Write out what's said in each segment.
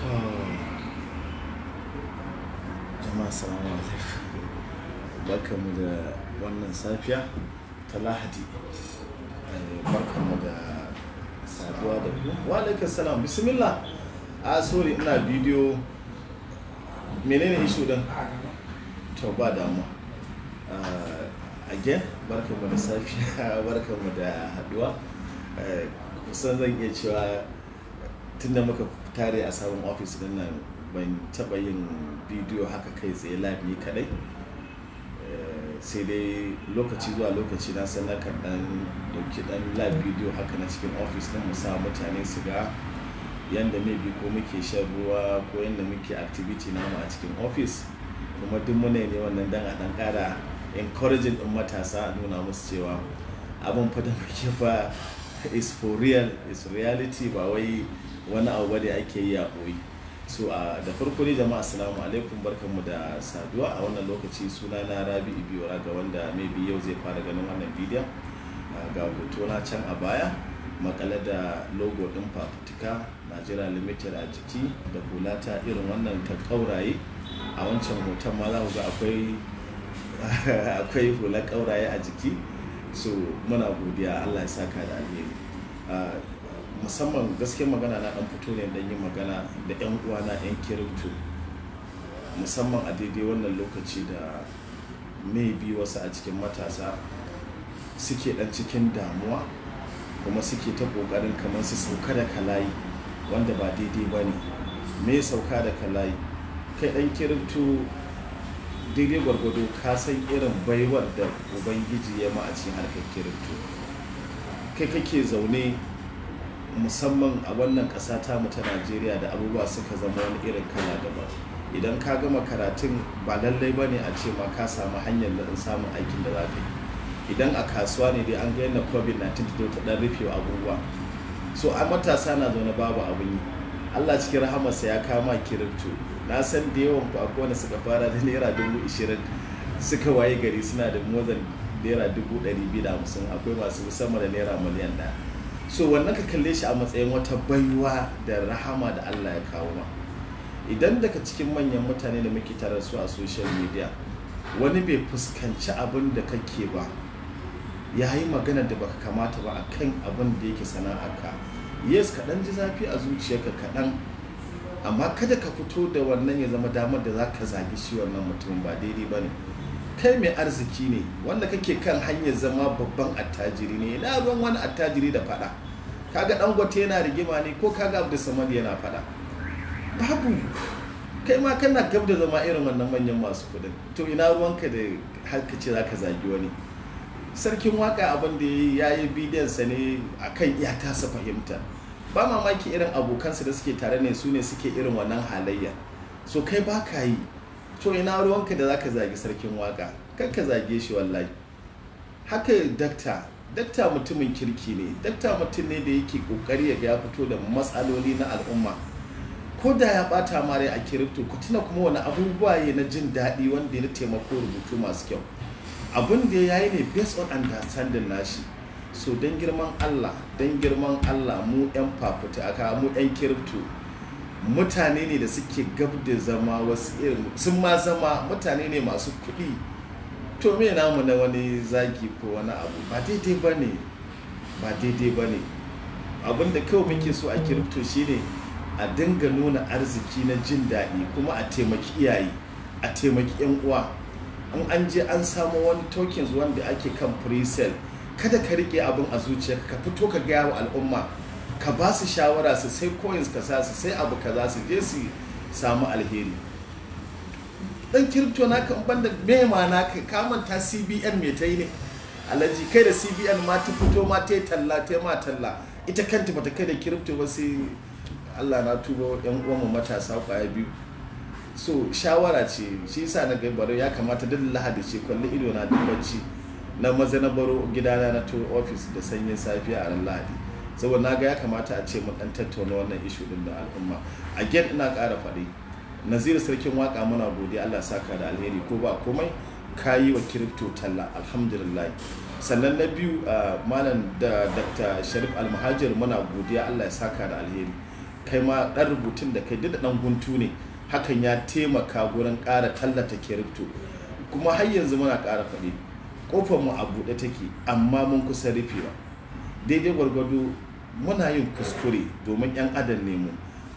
Hmm. jama'a salamu alaikum barkanmu da wannan safiya ta lahadi eh, barkanmu da saduwa da wa alaikar salam bismillah a ah, sorry ina bidiyo menene ishu din to ba damu ah, again barkanmu da safiya barkanmu da haduwa eh, kusan zan iya cewa tunda muka tare a sabon ofis din nan ban taɓa yin bidiyo haka kai tsaye live ni kadai eh, sai dai lokaci zuwa lokaci na san nakan dan dauki dan live bidiyo haka na cikin ofis din mu sa mutane su ga yanda bi ko muke shan ruwa ko yanda muke activity mu a cikin ofis kuma duk muna ne wannan dan a dan kara encouraging din matasa nuna musu cewa abin fa da muke fa is for real is reality ba wai wani abu da ake yi a koyi so a da farko ne jama'a assalamu alaikum barkanmu da saduwa a wannan lokaci suna na rabi ibiyora ga wanda maybe yau zai fara ganin wannan bidiyon ga hoto na can a baya makale da logo din fafutuka najeriya limited a jiki da hula ta irin wannan ta kauraye a wancan hoton ma za ku ga akwai akwai hular kauraye a jiki so muna godiya allah ya saka da alheri musamman gaske magana na dan fito ne dan yi magana da yan na yan kirifto musamman a daidai wannan lokaci da mai bi wasu a cikin matasa suke dan cikin damuwa kuma suke ta kokarin kamar su sauka da kalayi wanda ba daidai ba ne me sauka da kalayi kai dan kirifto. daidai gwargwado ka san irin baiwar da ubangiji ya ma a cikin harkar kirinto kai kake zaune musamman a wannan ƙasa ta mu ta najeriya da abubuwa suka zama wani irin kala daban idan ka gama karatun ba lallai ba ne a ce ma ka samu hanyar da samun aikin da za ka yi idan a kasuwa ne dai an ga na covid-19 ta ɗan rufe abubuwa so a matasa na zaune babu abin yi allah cikin rahamarsa ya kama kirifto. na san da yawan ku akwai suka fara da naira dubu ishirin suka waye gari suna da more naira dubu ɗari biyu da hamsin akwai masu sama da naira miliyan ɗaya so wannan ka kalle shi a matsayin wata baiwa da rahama da allah ya kawo ma idan daga cikin manyan mutane da muke tare su a social media wani bai fuskanci abin da kake ba ya yi magana da baka kamata ba akan abin da yake sana'a ka yes kaɗan ji zafi a zuciyarka kaɗan amma kada ka fito da wannan ya zama damar da za ka zagi shi wannan mutum ba daidai ba ne kai mai arziki ne wanda kake kan hanyar zama babban attajiri ne na ruwan wani attajiri da fada kaga dangote yana rigima ne ko kaga abu da samari yana fada babu kai ma kana gab da zama irin wannan manyan masu kudin to ina ruwanka da har ka ce za ka zagi wani sarkin waka abin da ya yi sa ne akan ya tasa fahimta ba mamaki irin abokansu da suke tare ne su ne suke irin wannan halayya so kai ba ka yi to ina ruwanka da za ka zagi sarkin waka kar ka zage shi wallahi haka dakta dakta mutumin kirki ne dakta mutum ne da yake kokari ya ya fito da matsaloli na al'umma ko da ya bata mare a kirifto ku tuna kuma wani abubuwa ya na jin daɗi wanda ya taimako rubutu masu kyau abin da ya yi ne based on understanding nashi so don girman allah don girman allah mu 'yan fafuta aka mu 'yan kirifto mutane ne da suke gab da zama wasu irin sun ma zama mutane ne masu kuɗi to me namu na wani zagi ko wani abu ba daidai ba ne ba daidai ba ne abinda kawai muke so a kirifto shine a dinga nuna arziki na jin daɗi kuma a taimaki iyaye a taimaki 'yan uwa in an je an samu wani tokens wanda ake kan pre-sale kada ka rike abin a zuciyarka ka fito ka gaya wa al'umma ka ba su shawara su sai coins ka sa su sai abu kaza su je su samu alheri dan kirto na kan banda mema na ka manta CBN me ta yi ne alhaji kai da CBN ma ta fito ma ta yi talla ta ma talla ita kanta bata kai da kirto ba sai Allah na tuba yan uwanmu matasa kwaya biyu so shawara ce shi yasa na gaibaru ya kamata duk lahadi ce kwalli ido na duk bacci na maza na baro gidana na tour ofis da sanyin safiya a ran lahadi saboda na ga ya kamata a ce mu dan tattauna wannan ishu din da al'umma again ina kara faɗi nazir sarkin waka muna godiya Allah saka da alheri ko ba komai kayi wa kirifto talla alhamdulillah sannan na biyu malam da dr sharif almahajir muna godiya Allah ya saka da alheri kai ma dan rubutun da kai duk da dan guntu ne hakan ya taimaka gurin kara tallata kirifto kuma har yanzu muna kara faɗi kofar mu a buɗe take amma mun kusa rufewa daidai gwargwado muna yin kuskure domin yan adam ne mu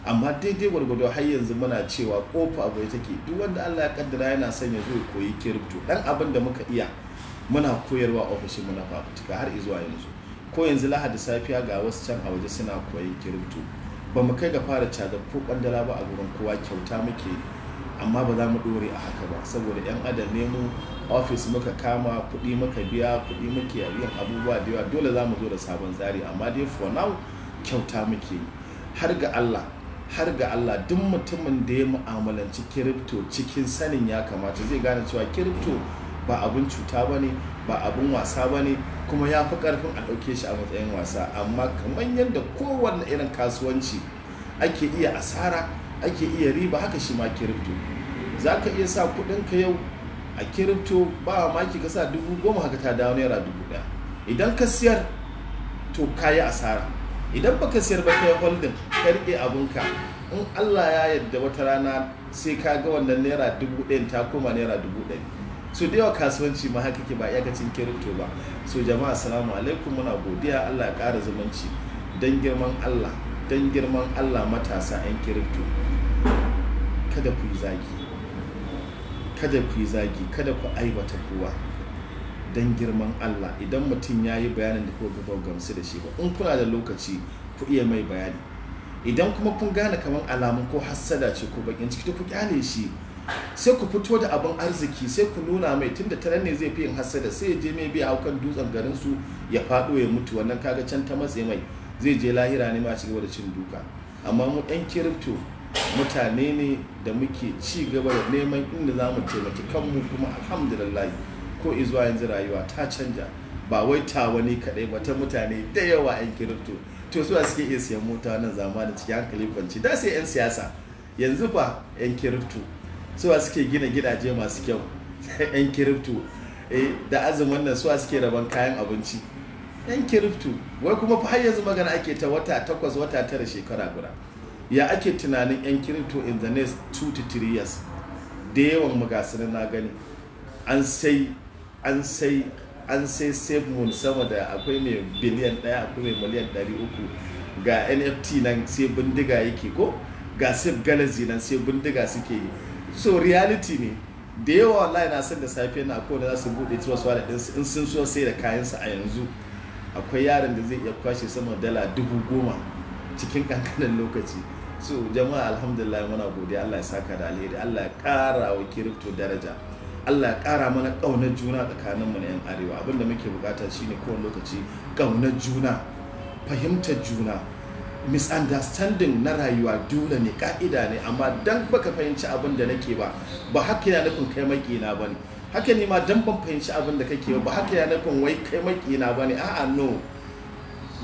amma daidai gwargwado har yanzu muna cewa kofa ya take duk wanda Allah ya kaddara yana son ya zo koyi kirifto dan abin da muka iya muna koyarwa ofishin muna fafutuka har izuwa yanzu ko yanzu lahadi safiya ga wasu can a waje suna koyi kirifto ba mu kai ga fara caza ko kwandala ba a gurin kowa kyauta muke amma ba za mu ɗore a haka ba saboda 'yan adam ne mu ofis muka kama kuɗi muka biya kuɗi muke yin abubuwa da yawa dole za mu zo da sabon tsari amma dai for now kyauta muke har ga Allah har ga Allah duk mutumin da ya mu'amalanci kiripto cikin sanin ya kamata zai gane cewa kiripto ba abin cuta ba ne ba abin wasa ba ne kuma ya fi karfin a ɗauke shi a matsayin wasa amma kamar yadda kowanne irin kasuwanci ake iya asara ake iya riba haka shi ma kiripto za ka iya sa ka yau a kirifto ba maki ka sa dubu goma haka ta dawo naira dubu daya idan ka siyar to ka yi asara idan baka siyar ba kai holdin ka riƙe abinka in allah ya yadda wata rana sai ka ga wannan naira dubu daya ta koma naira dubu ɗaya so da yawa kasuwanci ma haka ke ba cin kirinto ba so jama'a assalamu alaikum muna godiya allah ya ƙara zumunci don girman allah don girman allah matasa 'yan kirinto kada ku yi zagi kada ku yi zagi kada ku aibata kowa don girman Allah idan mutum ya yi bayanin da kuka gaba gamsu da shi ba in kuna da lokaci ku iya mai bayani idan kuma kun gane kamar alamun ko hassada ce ko bakin ciki ku kyale shi sai ku fito da abin arziki sai ku nuna mai tunda taran ne zai fi yin hassada sai ya je mai biya haukan dutsen garin su ya faɗo ya mutu wannan kaga can ta matse mai zai je lahira ne ma a cigaba da cin duka amma mu ɗan kirifto mutane ne da muke ci gaba da neman inda za mu taimaki kanmu kuma alhamdulillah ko izuwa yanzu rayuwa ta canja ba wai ta wani kaɗai ba ta mutane da yawa 'yan kirifto to suwa suke iya siyan mota nan zamanin cikin hankali kwanci da sai 'yan siyasa yanzu ba 'yan kirifto suwa suke gina gidaje masu kyau 'yan kirifto eh, da azumin nan suwa suke rabon kayan abinci 'yan kirifto wai kuma fa har yanzu magana ake ta wata takwas wata tara shekara guda ya ake tunanin yan kirito in the next 2 to 3 years da yawan magasinan na gani an sai an sai an sai save moon sama da akwai mai biliyan daya akwai mai miliyan 300 ga nft nan sai bindiga yake ko ga save galaxy nan sai bindiga suke yi so reality ne da yawa wallahi na san da safe na ko da za su bude tuwa su wallet in sun so sai da kayansa a yanzu akwai yaron da zai iya kwashe sama dala dubu goma cikin kankanin lokaci so jama'a alhamdulillah muna godiya Allah ya saka da alheri Allah ya kara wa kirifto daraja Allah ya kara mana kaunar juna tsakanin mu na yan arewa abinda muke bukata shine kowane lokaci kaunar juna fahimtar juna misunderstanding na rayuwa dole ne ka'ida ne amma dan baka fahimci abin da nake ba ba haka yana nufin kai makina ba ne haka ne ma dan ban fahimci abin da kake ba haka yana nufin wai kai makina ba ne a'a no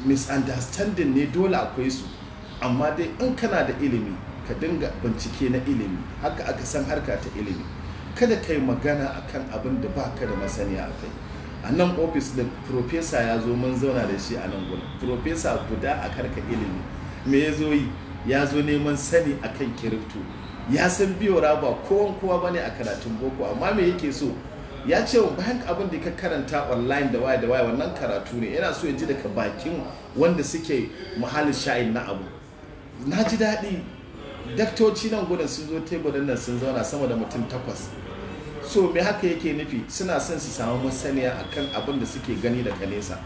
misunderstanding ne dole akwai su amma dai in kana da ilimi ka dinga bincike na ilimi haka aka san harka ta ilimi kada ka yi magana akan abin da ba ka da masaniya a kai a nan ofis da profesa ya zo mun zauna da shi a nan gudu profesa guda a karka ilimi me ya zo yi ya zo neman sani akan kirifto ya san biyora ba kowan kowa ba ne a karatun boko amma me yake so ya ce wa bayan abin da ka karanta online da waya da waya wannan karatu ne yana so ya ji daga bakin wanda suke muhallin sha'in na abu na ji daɗi daktoci nan gudun sun zo teburin nan sun zauna sama da mutum takwas so me haka yake nufi suna son su samu masaniya akan abin da suke gani daga nesa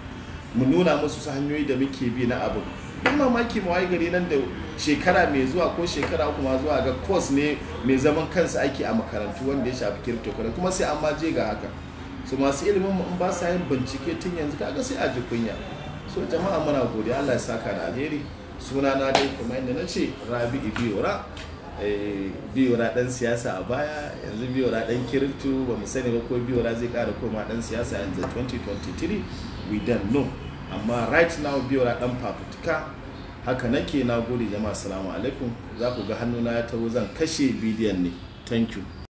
mu nuna musu su hanyoyi da muke bi na abu ban mamaki mu waye gari nan da shekara mai zuwa ko shekara kuma zuwa ga course ne mai zaman kansa ake a makarantu wanda ya shafi kirkto kuma sai an ma je ga haka su masu ilimin mu in ba sa yin bincike tun yanzu kaga sai a ji kunya so jama'a muna godiya Allah ya saka da alheri suna na dai kuma inda na ce Rabi biyora eh, biyora dan siyasa a baya yanzu biyora dan kirifto ba mu sani ba ko biyora zai kara koma dan siyasa yanzu 2023 we don't know amma right now biyora dan fafutuka haka nake na gode jama'a assalamu alaikum za ku ga hannuna ya taho zan kashe bidiyon ne thank you